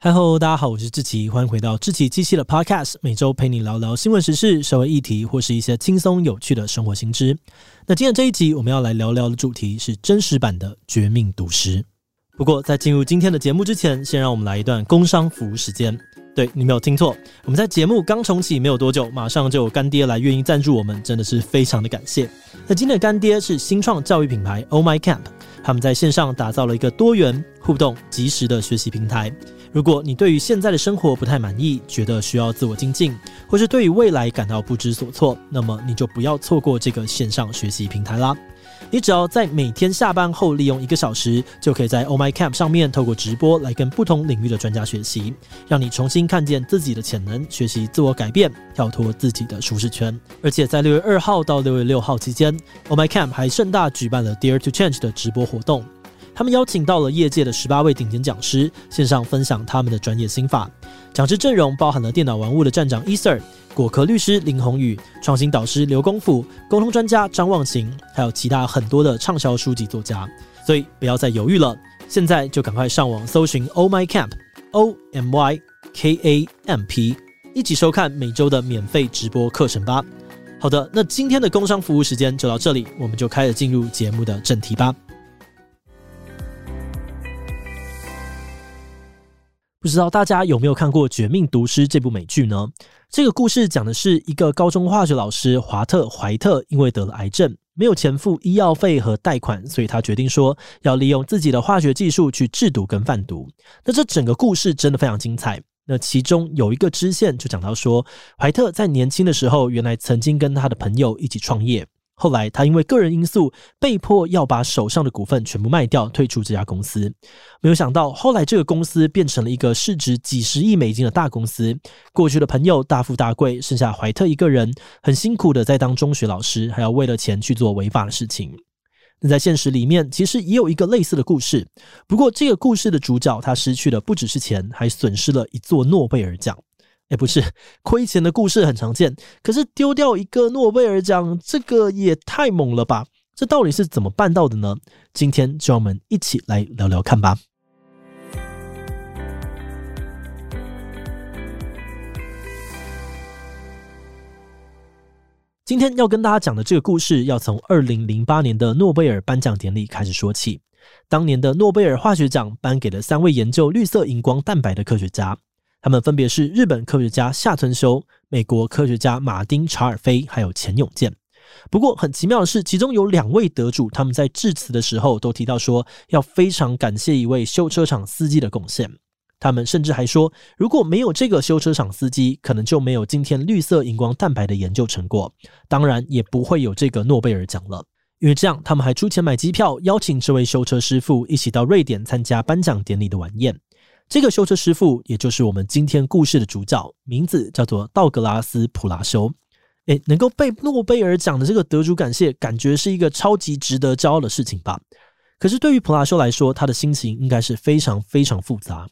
哈嘍，大家好，我是志祺，歡迎回到志祺七七的 Podcast，每週陪你聊聊新聞時事、社會議題，或是一些輕鬆有趣的生活新知。那今天這一集我們要來聊聊的主題是真實版的《絕命毒師》。不過，在進入今天的節目之前，先讓我們來一段工商服務時間。對，你沒有聽錯，我們在節目剛重啟沒有多久，馬上就有乾爹來願意贊助我們，真的是非常的感謝。那今天的乾爹是新創教育品牌 omyKamp，他們在線上打造了一個多元互動、即時的學習平台。如果你對於現在的生活不太滿意，覺得需要自我精進，或是對於未來感到不知所措，那麼你就不要錯過這個線上學習平台啦。你只要在每天下班後利用一個小時，就可以在 Oh My Camp 上面透過直播來跟不同領域的專家學習，讓你重新看見自己的潛能，學習自我改變，跳脫自己的舒適圈。而且在六月二號到六月六號期間，Oh My Camp 還盛大舉辦了 Dare to Change 的直播活動。他們邀請到了業界的十八位頂尖講師，線上分享他們的專業心法。講師陣容包含了電腦玩物的站長 Eser、果殼律師林宏宇、創新導師劉功夫、溝通專家張忘形，還有其他很多的暢銷書籍作家。所以不要再猶豫了，現在就趕快上網搜尋 “omyKamp O M Y K A M P”，一起收看每周的免費直播課程吧。好的，那今天的工商服務時間就到這裡，我們就開始進入節目的正題吧。不知道大家有沒有看過《絕命毒師》這部美劇呢？這個故事講的是一個高中化學老師華特·懷特，因為得了癌症，沒有錢付醫藥費和貸款，所以他決定說要利用自己的化學技術去製毒跟販毒。那這整個故事真的非常精彩。那其中有一個支線就講到說，懷特在年輕的時候，原來曾經跟他的朋友一起創業。後來，他因為個人因素，被迫要把手上的股份全部賣掉，退出這家公司。沒有想到，後來這個公司變成了一個市值幾十億美金的大公司。過去的朋友大富大貴，剩下懷特一個人，很辛苦的在當中學老師，還要為了錢去做違法的事情。那在現實裡面，其實也有一個類似的故事。不過，這個故事的主角他失去的不只是錢，還損失了一座諾貝爾獎。哎、欸，不是虧錢的故事很常見，可是丟掉一個諾貝爾獎，這個也太猛了吧！這到底是怎麼辦到的呢？今天就讓我們一起來聊聊看吧。今天要跟大家講的這個故事，要從二零零八年的諾貝爾頒獎典禮開始說起。當年的諾貝爾化學獎頒給了三位研究綠色熒光蛋白的科學家。他們分別是日本科學家下村修、美國科學家馬丁查爾菲，還有錢永健。不過很奇妙的是，其中有兩位得主，他們在致辭的時候都提到說要非常感謝一位修車廠司機的貢獻。他們甚至還說，如果沒有這個修車廠司機，可能就沒有今天綠色熒光蛋白的研究成果，當然也不會有這個諾貝爾獎了。因為這樣，他們還出錢買機票，邀請這位修車師傅一起到瑞典參加頒獎典禮的晚宴。這個修車師傅，也就是我們今天故事的主角，名字叫做道格拉斯·普拉修。哎，能夠被諾貝爾獎的這個得主感謝，感覺是一個超級值得驕傲的事情吧。可是對於普拉修來說，他的心情應該是非常非常複雜，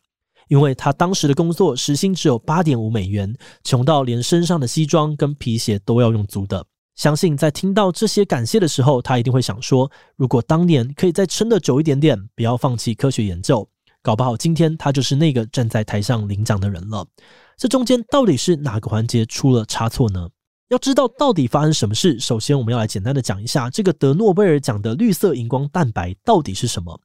因為他當時的工作時薪只有八點五美元，窮到連身上的西裝跟皮鞋都要用租的。相信在聽到這些感謝的時候，他一定會想說：如果當年可以再撐得久一點點，不要放棄科學研究。搞不好今天他就是那個站在台上領獎的人了。這中間到底是哪個環節出了差錯呢？要知道到底發生什麼事，首先我們要來簡單的講一下這個得諾貝爾獎的綠色熒光蛋白到底是什麼。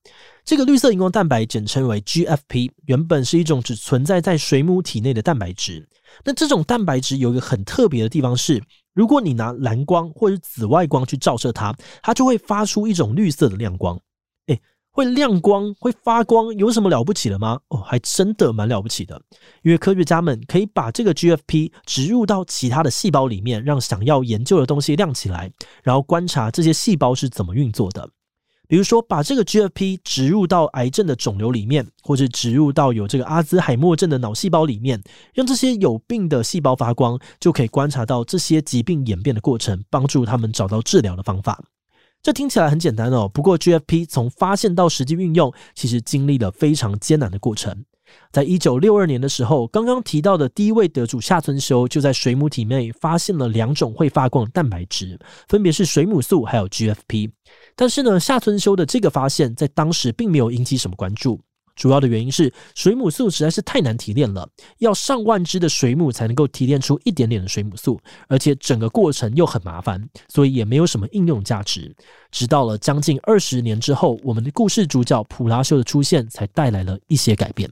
這個綠色熒光蛋白簡稱為 GFP，原本是一種只存在在水母體內的蛋白質。那這種蛋白質有一個很特別的地方是，如果你拿藍光或者紫外光去照射它，它就會發出一種綠色的亮光。會亮光，會發光，有什麼了不起的嗎？哦，還真的蠻了不起的，因為科學家們可以把這個 GFP 植入到其他的細胞裡面，讓想要研究的東西亮起來，然後觀察這些細胞是怎麼運作的。比如說，把這個 GFP 植入到癌症的腫瘤裡面，或者植入到有這個阿茲海默症的腦細胞裡面，讓這些有病的細胞發光，就可以觀察到這些疾病演變的過程，幫助他們找到治療的方法。這聽起來很簡單哦，不過 GFP 從發現到實際運用，其實經歷了非常艱難的過程。在一九六二年的時候，剛剛提到的第一位得主下村修就在水母體內發現了兩種會發光的蛋白質，分別是水母素還有 GFP。但是呢，下村修的這個發現，在當時並沒有引起什麼關注。主要的原因是水母素實在是太難提煉了，要上萬隻的水母才能夠提煉出一點點的水母素，而且整個過程又很麻煩，所以也沒有什麼應用價值。直到了將近二十年之後，我們的故事主角普拉修的出現才帶來了一些改變。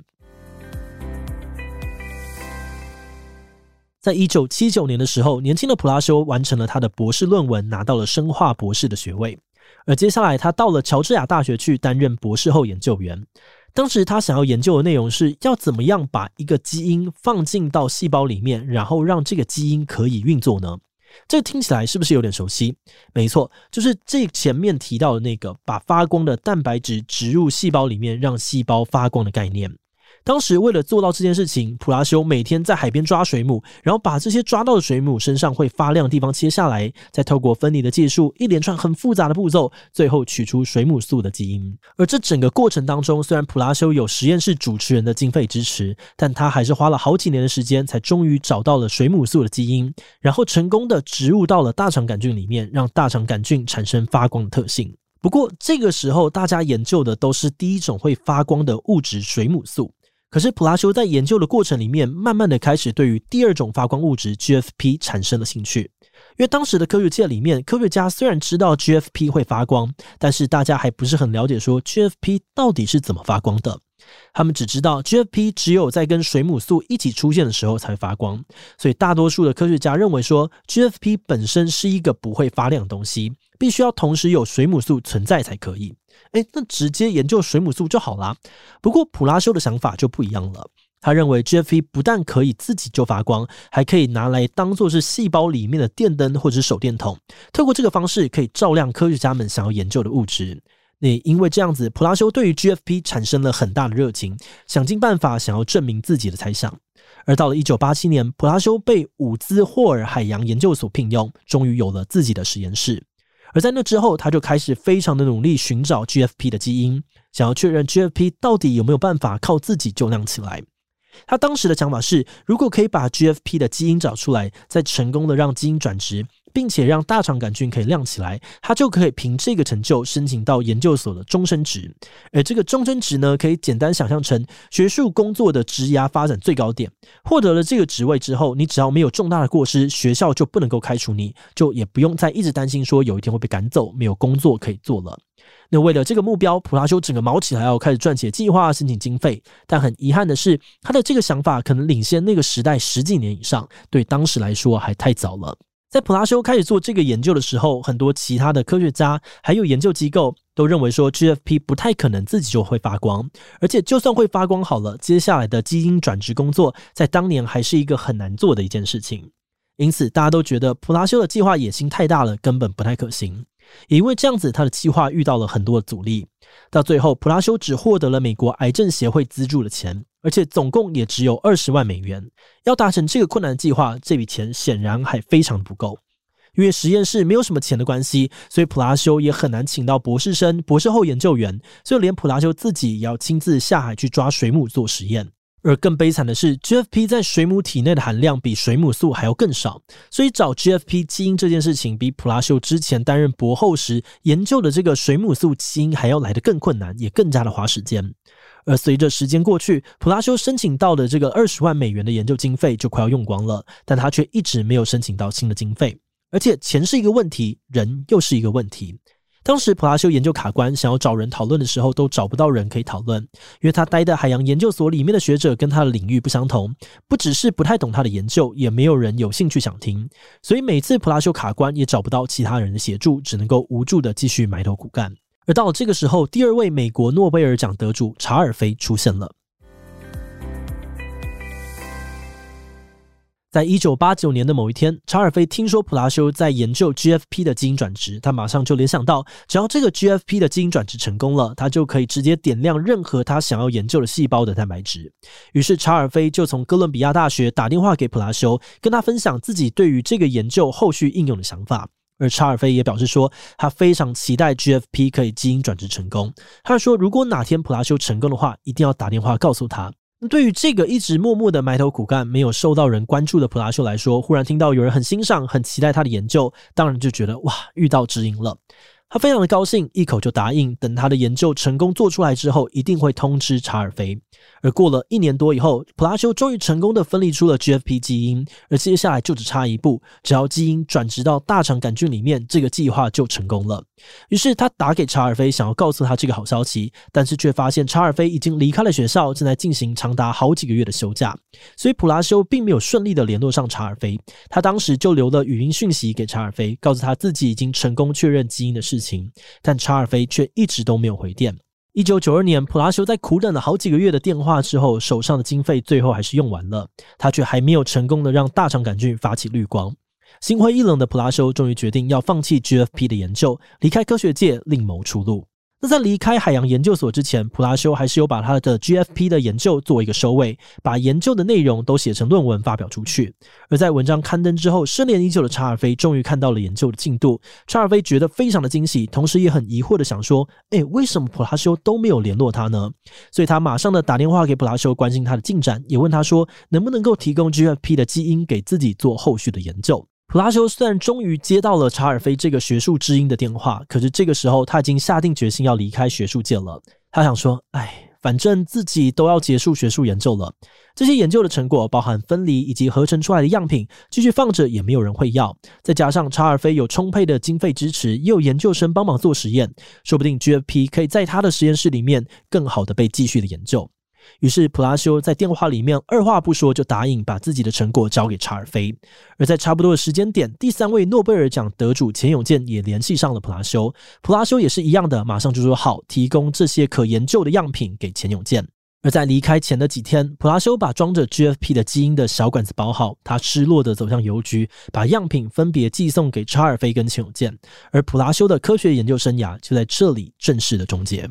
在一九七九年的時候，年輕的普拉修完成了他的博士論文，拿到了生化博士的學位。而接下來他到了喬治亞大學去擔任博士後研究員。當時他想要研究的內容是要怎麼樣把一個基因放進到細胞裡面，然後讓這個基因可以運作呢？這個聽起來是不是有點熟悉？沒錯，就是這前面提到的那個把發光的蛋白質植入細胞裡面，讓細胞發光的概念。當時為了做到這件事情，普拉修每天在海邊抓水母，然後把這些抓到的水母身上會發亮的地方切下來，再透過分離的技術，一連串很複雜的步驟，最後取出水母素的基因。而這整個過程當中，雖然普拉修有實驗室主持人的經費支持，但他還是花了好幾年的時間，才終於找到了水母素的基因，然後成功的植入到了大腸桿菌裡面，讓大腸桿菌產生發光的特性。不過這個時候，大家研究的都是第一種會發光的物質——水母素。可是普拉修在研究的過程裡面，慢慢的開始對於第二種發光物質 GFP 產生了興趣。因為當時的科學界裡面，科學家雖然知道 GFP 會發光，但是大家還不是很了解說 GFP 到底是怎麼發光的。他們只知道 GFP 只有在跟水母素一起出現的時候才發光，所以大多數的科學家認為說 GFP 本身是一個不會發亮的東西，必須要同時有水母素存在才可以。欸，那直接研究水母素就好啦。不過普拉修的想法就不一樣了，他認為 GFP 不但可以自己就發光，還可以拿來當做是細胞裡面的電燈或者手電筒，透過這個方式可以照亮科學家們想要研究的物質。那因為這樣子，普拉修對於 GFP 產生了很大的熱情，想盡辦法想要證明自己的猜想。而到了一九八七年，普拉修被伍茲霍爾海洋研究所聘用，終於有了自己的實驗室。而在那之後，他就開始非常的努力尋找 GFP 的基因，想要確認 GFP 到底有沒有辦法靠自己就亮起來。他當時的想法是，如果可以把 GFP 的基因找出來，再成功的讓基因轉殖。並且讓大腸桿菌可以亮起來，他就可以憑這個成就申請到研究所的終身職。而這個終身職呢，可以簡單想象成學術工作的職涯發展最高點。獲得了這個職位之後，你只要沒有重大的過失，學校就不能夠開除你，就也不用再一直擔心說有一天會被趕走，沒有工作可以做了。那為了這個目標，普拉修整個忙起來，要開始撰寫計劃、申請經費。但很遺憾的是，他的這個想法可能領先那個時代十幾年以上，對當時來說還太早了。在普拉修開始做這個研究的時候，很多其他的科學家還有研究機構都認為說，GFP 不太可能自己就會發光，而且就算會發光好了，接下來的基因轉殖工作在當年還是一個很難做的一件事情，因此大家都覺得普拉修的計劃野心太大了，根本不太可行。也因為這樣子，他的計劃遇到了很多阻力。到最後，普拉修只獲得了美國癌症協會資助的錢，而且總共也只有二十萬美元。要達成這個困難的計劃，這筆錢顯然還非常不夠。因為實驗室沒有什麼錢的關係，所以普拉修也很難請到博士生、博士後研究員，所以連普拉修自己也要親自下海去抓水母做實驗。而更悲慘的是，GFP 在水母體內的含量比水母素還要更少，所以找 GFP 基因這件事情比普拉修之前擔任博後時研究的這個水母素基因還要來得更困難，也更加的花時間。而隨着時間過去，普拉修申請到的這個二十萬美元的研究經費就快要用光了，但他卻一直沒有申請到新的經費。而且錢是一個問題，人又是一個問題。當時普拉修研究卡關，想要找人討論的時候，都找不到人可以討論，因為他待的海洋研究所裡面的學者跟他的領域不相同，不只是不太懂他的研究，也沒有人有興趣想聽，所以每次普拉修卡關也找不到其他人的協助，只能夠無助的繼續埋頭苦幹。而到了這個時候，第二位美國諾貝爾獎得主查爾菲出現了。在一九八九年的某一天，查爾菲聽說普拉修在研究 GFP 的基因轉植，他馬上就聯想到，只要這個 GFP 的基因轉植成功了，他就可以直接點亮任何他想要研究的細胞的蛋白質。於是查爾菲就從哥倫比亞大學打電話給普拉修，跟他分享自己對於這個研究後續應用的想法。而查爾菲也表示說，他非常期待 GFP 可以基因轉植成功。他說，如果哪天普拉修成功的話，一定要打電話告訴他。對於這個一直默默的埋頭苦幹、沒有受到人關注的普拉秀來說，忽然聽到有人很欣賞、很期待他的研究，當然就覺得哇，遇到知音了。他非常的高興，一口就答應。等他的研究成功做出來之後，一定會通知查爾菲。而過了一年多以後，普拉修終於成功的分離出了 GFP 基因，而接下來就只差一步，只要基因轉殖到大腸桿菌裡面，這個計劃就成功了。於是他打給查爾菲，想要告訴他這個好消息，但是卻發現查爾菲已經離開了學校，正在進行長達好幾個月的休假，所以普拉修並沒有順利的聯絡上查爾菲。他當時就留了語音訊息給查爾菲，告訴他自己已經成功確認基因的事情。情，但查爾菲卻一直都沒有回電。一九九二年，普拉修在苦等了好幾個月的電話之後，手上的經費最後還是用完了，他卻還沒有成功的讓大腸桿菌發起綠光。心灰意冷的普拉修終於決定要放棄 GFP 的研究，離開科學界另謀出路。那在離開海洋研究所之前，普拉修還是有把他的 GFP 的研究做一個收尾，把研究的內容都寫成論文發表出去。而在文章刊登之後，失聯已久的查爾菲終於看到了研究的進度，查爾菲覺得非常的驚喜，同時也很疑惑的想說：“哎、欸，為什麼普拉修都沒有聯絡他呢？”所以，他馬上的打電話給普拉修，關心他的進展，也問他說：“能不能夠提供 GFP 的基因給自己做後續的研究？”普拉修雖然終於接到了查爾菲這個學術知音的電話，可是這個時候他已經下定決心要離開學術界了。他想說：“哎，反正自己都要結束學術研究了，這些研究的成果包含分離以及合成出來的樣品，繼續放着也沒有人會要。再加上查爾菲有充沛的經費支持，也有研究生幫忙做實驗，說不定 GFP 可以在他的實驗室裡面更好的被繼續的研究。”於是普拉修在電話裡面二話不說就答應把自己的成果交給查爾菲，而在差不多的時間點，第三位諾貝爾獎得主錢永健也聯繫上了普拉修，普拉修也是一樣的，馬上就說好提供這些可研究的樣品給錢永健。而在離開前的幾天，普拉修把裝着 GFP 的基因的小管子包好，他失落的走向郵局，把樣品分別寄送給查爾菲跟錢永健。而普拉修的科學研究生涯就在這裡正式的終結。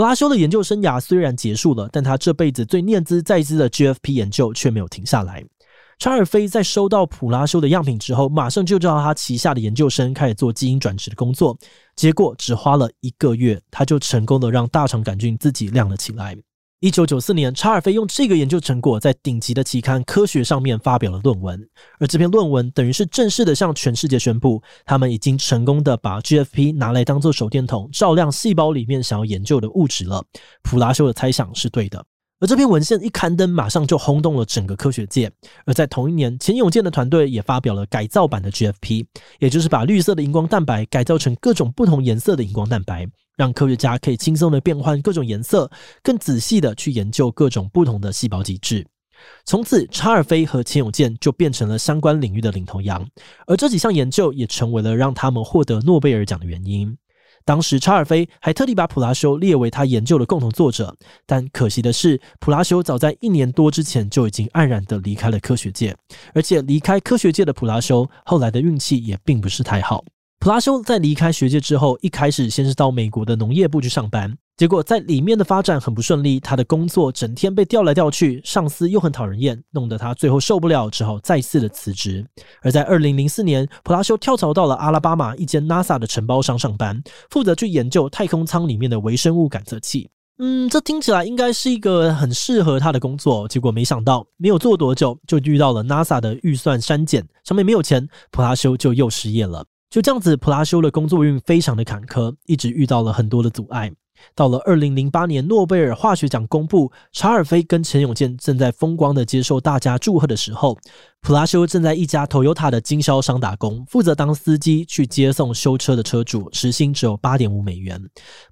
普拉修的研究生涯雖然結束了，但他這輩子最念茲在茲的 GFP 研究卻沒有停下來。查爾菲在收到普拉修的樣品之後，馬上就叫他旗下的研究生開始做基因轉殖的工作。結果只花了一個月，他就成功的讓大腸桿菌自己亮了起來。一九九四年，查爾菲用這個研究成果在頂級的期刊《科學》上面發表了論文，而這篇論文等於是正式的向全世界宣布，他們已經成功的把 GFP 拿來當做手電筒，照亮細胞裡面想要研究的物質了。普拉修的猜想是對的。而這篇文獻一刊登，馬上就轟動了整個科學界。而在同一年，錢永健的團隊也發表了改造版的 GFP，也就是把綠色的熒光蛋白改造成各種不同顏色的熒光蛋白，讓科學家可以輕鬆的變換各種顏色，更仔細的去研究各種不同的細胞機制。從此，查爾菲和錢永健就變成了相關領域的領頭羊，而這幾項研究也成為了讓他們獲得諾貝爾獎的原因。當時，查爾菲還特地把普拉修列為他研究的共同作者，但可惜的是，普拉修早在一年多之前就已經黯然的離開了科學界，而且離開科學界的普拉修後來的運氣也並不是太好。普拉修在離開學界之後，一開始先是到美國的農業部去上班，結果在裡面的發展很不順利。他的工作整天被調來調去，上司又很討人厭，弄得他最後受不了，只好再次的辭職。而在二零零四年，普拉修跳槽到了阿拉巴馬一間 NASA 的承包商上班，負責去研究太空艙裡面的微生物感測器。嗯，這聽起來應該是一個很適合他的工作，結果沒想到沒有做多久，就遇到了 NASA 的預算刪減，上面沒有錢，普拉修就又失業了。就這樣子，普拉修的工作運非常的坎坷，一直遇到了很多的阻礙。到了二零零八年諾貝爾化學獎公布，查爾菲跟錢永健正在風光的接受大家祝賀的時候，普拉修正在一家 Toyota 的經銷商打工，負責當司機去接送修車的車主，時薪只有八點五美元。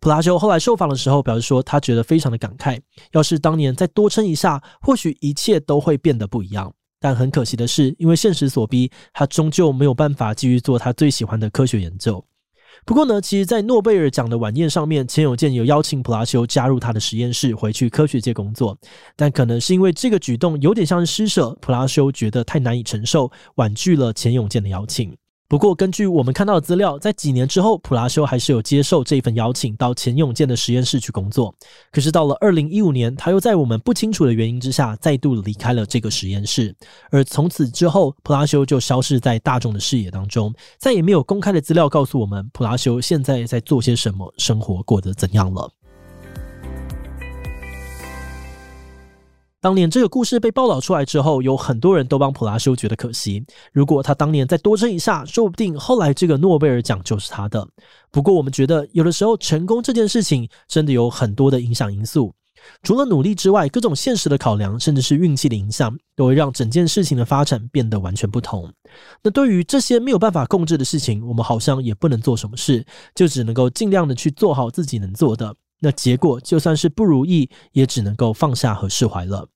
普拉修後來受訪的時候表示說，他覺得非常的感慨，要是當年再多撐一下，或許一切都會變得不一樣。但很可惜的是，因為現實所逼，他終究沒有辦法繼續做他最喜歡的科學研究。不過呢，其實，在諾貝爾獎的晚宴上面，錢永健有邀請普拉修加入他的實驗室，回去科學界工作。但可能是因為這個舉動有點像是施捨，普拉修覺得太難以承受，婉拒了錢永健的邀請。不過，根據我們看到的資料，在幾年之後，普拉修還是有接受這份邀請，到錢永健的實驗室去工作。可是到了二零一五年，他又在我們不清楚的原因之下，再度離開了這個實驗室。而從此之後，普拉修就消失在大眾的視野當中，再也沒有公開的資料告訴我們普拉修現在在做些什麼，生活過得怎樣了。當年這個故事被報道出來之後，有很多人都幫普拉修覺得可惜。如果他當年再多撐一下，說不定後來這個諾貝爾獎就是他的。不過我們覺得，有的時候成功這件事情真的有很多的影響因素，除了努力之外，各種現實的考量，甚至是運氣的影響，都會讓整件事情的發展變得完全不同。那對於這些沒有辦法控制的事情，我們好像也不能做什麼事，就只能夠盡量的去做好自己能做的。那結果就算是不如意，也只能夠放下和釋懷了。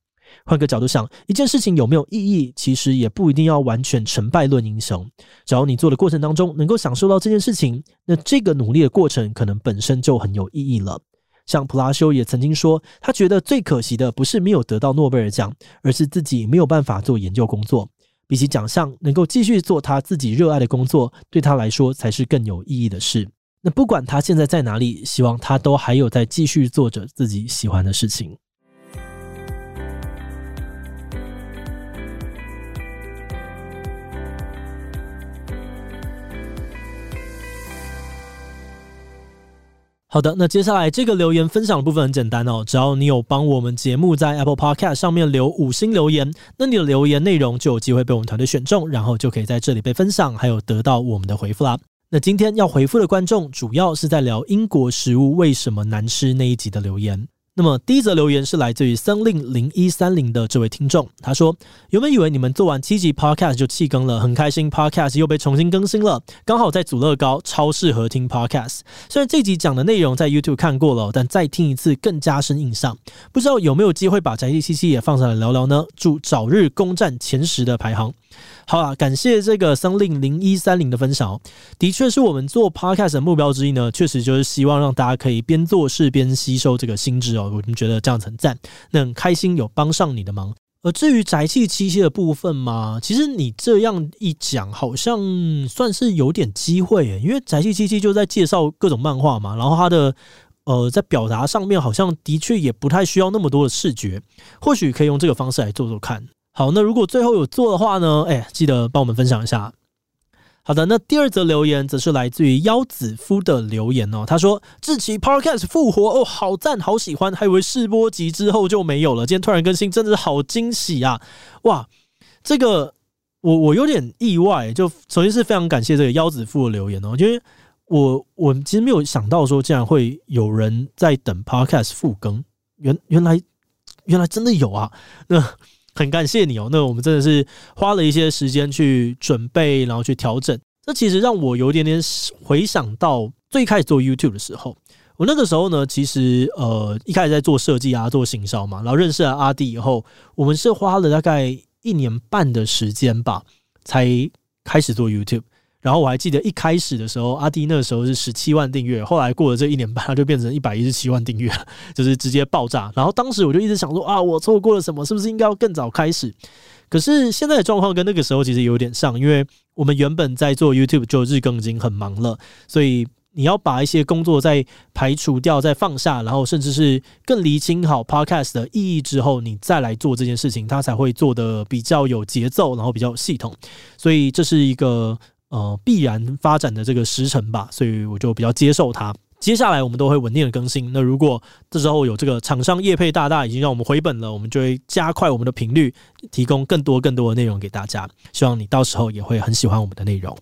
換個角度想，一件事情有沒有意義，其實也不一定要完全成敗論英雄。只要你做的過程當中能夠享受到這件事情，那這個努力的過程可能本身就很有意義了。像普拉修也曾經說，他覺得最可惜的不是沒有得到諾貝爾獎，而是自己沒有辦法做研究工作。比起獎項，能夠繼續做他自己熱愛的工作，對他來說才是更有意義的事。那不管他現在在哪裡，希望他都還有在繼續做着自己喜歡的事情。好的，那接下來這個留言分享的部分很簡單哦，只要你有幫我們節目在 Apple Podcast 上面留五星留言，那你的留言內容就有機會被我們團隊選中，然後就可以在這裡被分享，還有得到我們的回覆啦。那今天要回復的觀眾主要是在聊英國食物為什麼難吃，那一集的留言。那麼第一則留言是來自於森林零一三零的這位聽眾，他說：“原本以為你們做完七集 Podcast 就棄更了，很開心 Podcast 又被重新更新了。剛好在組樂高，超適合聽 Podcast。雖然這集講的內容在 YouTube 看過了，但再聽一次更加深印象。不知道有沒有機會把宅地 CC 也放上來聊聊呢？祝早日攻占前十的排行。”好了，感謝這個生令零一三零的分享哦、喔。的確是我們做 podcast 的目標之一呢，確實就是希望讓大家可以邊做事邊吸收這個新知哦、喔。我們覺得這樣子很讚，那很開心有幫上你的忙。而至於宅氣七七的部分嘛，其實你這樣一講，好像算是有點機會欸，因為宅氣七七就在介紹各種漫畫嘛，然後他的呃在表達上面好像的確也不太需要那麼多的視覺，或許可以用這個方式來做做看。好，那如果最後有做的話呢？哎、欸，記得幫我們分享一下。好的，那第二則留言則是來自於腰子夫的留言哦。他說：“志祺 Podcast 復活哦，好讚，好喜歡，還以為試播集之後就沒有了，今天突然更新，真的是好驚喜啊！哇，這個我我有點意外。就首先是非常感謝這個腰子夫的留言哦，因為我我其實沒有想到說竟然會有人在等 Podcast 復更，原原來原來真的有啊，那。”很感謝你哦，那我們真的是花了一些時間去準備，然後去調整。這其實讓我有一點點回想到最開始做 YouTube 的時候。我那個時候呢，其實呃一開始在做設計啊，做行銷嘛，然後認識了阿弟以後，我們是花了大概一年半的時間吧，才開始做 YouTube。然後我還記得一開始的時候，阿滴那時候是十七萬訂閱，後來過了這一年半，它就變成一百一十七萬訂閱了，就是直接爆炸。然後當時我就一直想說啊，我錯過了什麼？是不是應該要更早開始？可是現在的狀況跟那個時候其實有點像，因為我們原本在做 YouTube 就日更已經很忙了，所以你要把一些工作再排除掉，再放下，然後甚至是更釐清好 Podcast 的意義之後，你再來做這件事情，它才會做得比較有節奏，然後比較有系統。所以這是一個。呃，必然發展的這個時程吧，所以我就比較接受它。接下來我們都會穩定的更新。那如果這時候有這個廠商業配大大已經讓我們回本了，我們就會加快我們的頻率，提供更多更多的內容給大家。希望你到時候也會很喜歡我們的內容。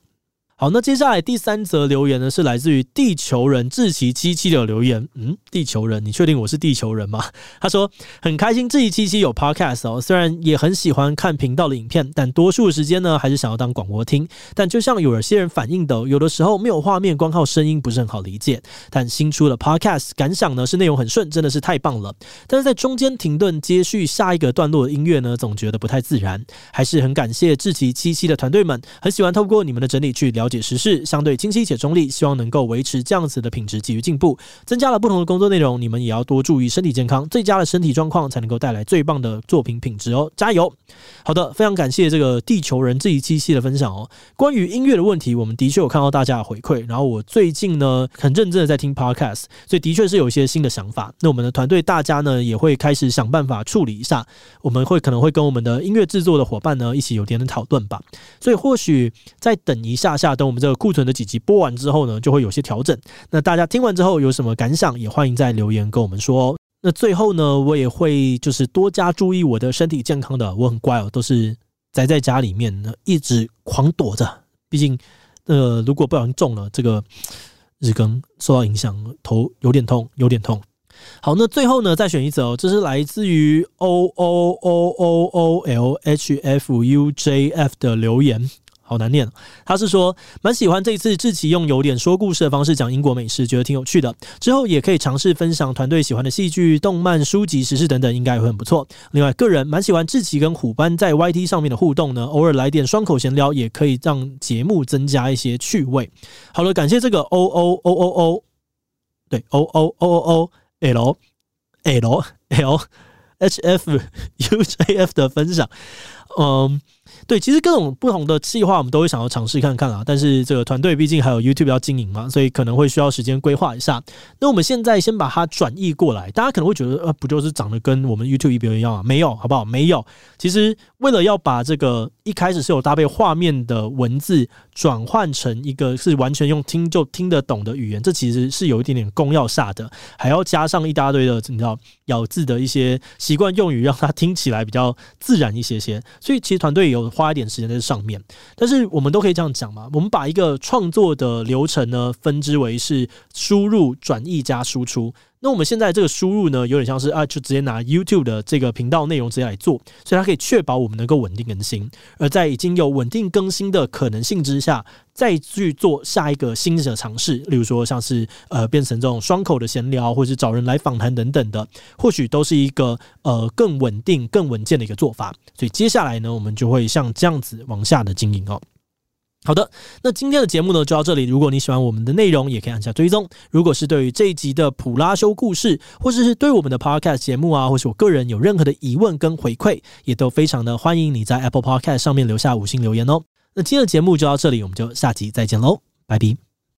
好，那接下來第三則留言呢，是來自於地球人志祺七七的留言。嗯，地球人，你確定我是地球人嗎？他說很開心志祺七七有 podcast 哦，雖然也很喜歡看頻道的影片，但多數時間呢還是想要當廣播聽。但就像有些人反映的，哦，有的時候沒有畫面，光靠聲音不是很好理解。但新出的 podcast 感想呢是內容很順，真的是太棒了。但是在中間停頓接續下一個段落的音樂呢，總覺得不太自然。還是很感謝志祺七七的團隊們，很喜歡透過你們的整理去了解。解時事相對清晰且中立，希望能夠維持這樣子的品質，給予進步。增加了不同的工作內容，你們也要多注意身體健康，最佳的身體狀況才能夠帶來最棒的作品品質哦，加油！好的，非常感謝這個地球人這一期期的分享哦。關於音樂的問題，我們的確有看到大家的回饋，然後我最近呢很認真的在聽 Podcast，所以的確是有一些新的想法。那我們的團隊大家呢也會開始想辦法處理一下，我們會可能會跟我們的音樂制作的夥伴呢一起有點有點討論吧。所以或許再等一下下。等我們這個庫存的幾集播完之後呢，就會有些調整。那大家聽完之後有什麼感想，也歡迎在留言跟我們說哦。那最後呢，我也會就是多加注意我的身體健康的。我很乖哦，都是宅在家裡面，一直狂躲着。畢竟，呃，如果不小心中了這個日更受到影響，頭有點痛，有點痛。好，那最後呢，再選一則哦，這是來自於 O O O O O L H F U J F 的留言。好難念，他是說蠻喜歡這一次志祺用有點說故事的方式講英國美食，覺得挺有趣的。之後也可以嘗試分享團隊喜歡的戲劇、動漫、書籍、時事等等，應該也會很不錯。另外，個人蠻喜歡志祺跟虎斑在 YT 上面的互動呢，偶爾來點雙口閒聊，也可以讓節目增加一些趣味。好了，感謝這個 o o o o o 對 o o o o l l l h f u j f 的分享。嗯，對，其實各種不同的計劃，我們都會想要嘗試看看啊。但是這個團隊畢竟還有 YouTube 要經營嘛，所以可能會需要時間規劃一下。那我們現在先把它轉譯過來，大家可能會覺得，呃、啊，不就是長得跟我們 YouTube 一模一樣啊？沒有，好不好？沒有。其實為了要把這個一開始是有搭配畫面的文字轉換成一個是完全用聽就聽得懂的語言，這其實是有一點點功要下的，還要加上一大堆的你知道咬字的一些習慣用語，讓它聽起來比較自然一些些。所以其實團隊有花一點時間在上面，但是我們都可以這樣講嘛。我們把一個創作的流程呢，分為為是輸入、轉譯加輸出。那我們現在這個輸入呢，有點像是啊，就直接拿 YouTube 的這個頻道內容直接來做，所以它可以確保我們能夠穩定更新。而在已經有穩定更新的可能性之下，再去做下一個新的嘗試，例如說像是呃變成這種雙口的閒聊，或是找人來訪談等等的，或許都是一個呃更穩定、更穩健的一個做法。所以接下來呢，我們就會像這樣子往下的經營喔。好的，那今天的節目呢就到這裡。如果你喜歡我們的內容，也可以按下追蹤。如果是對於這一集的普拉修故事，或者是對我們的 Podcast 節目啊，或是我個人有任何的疑問跟回饋，也都非常的歡迎你在 Apple Podcast 上面留下五星留言哦。那今天的節目就到這裡，我們就下集再見嘍，拜拜。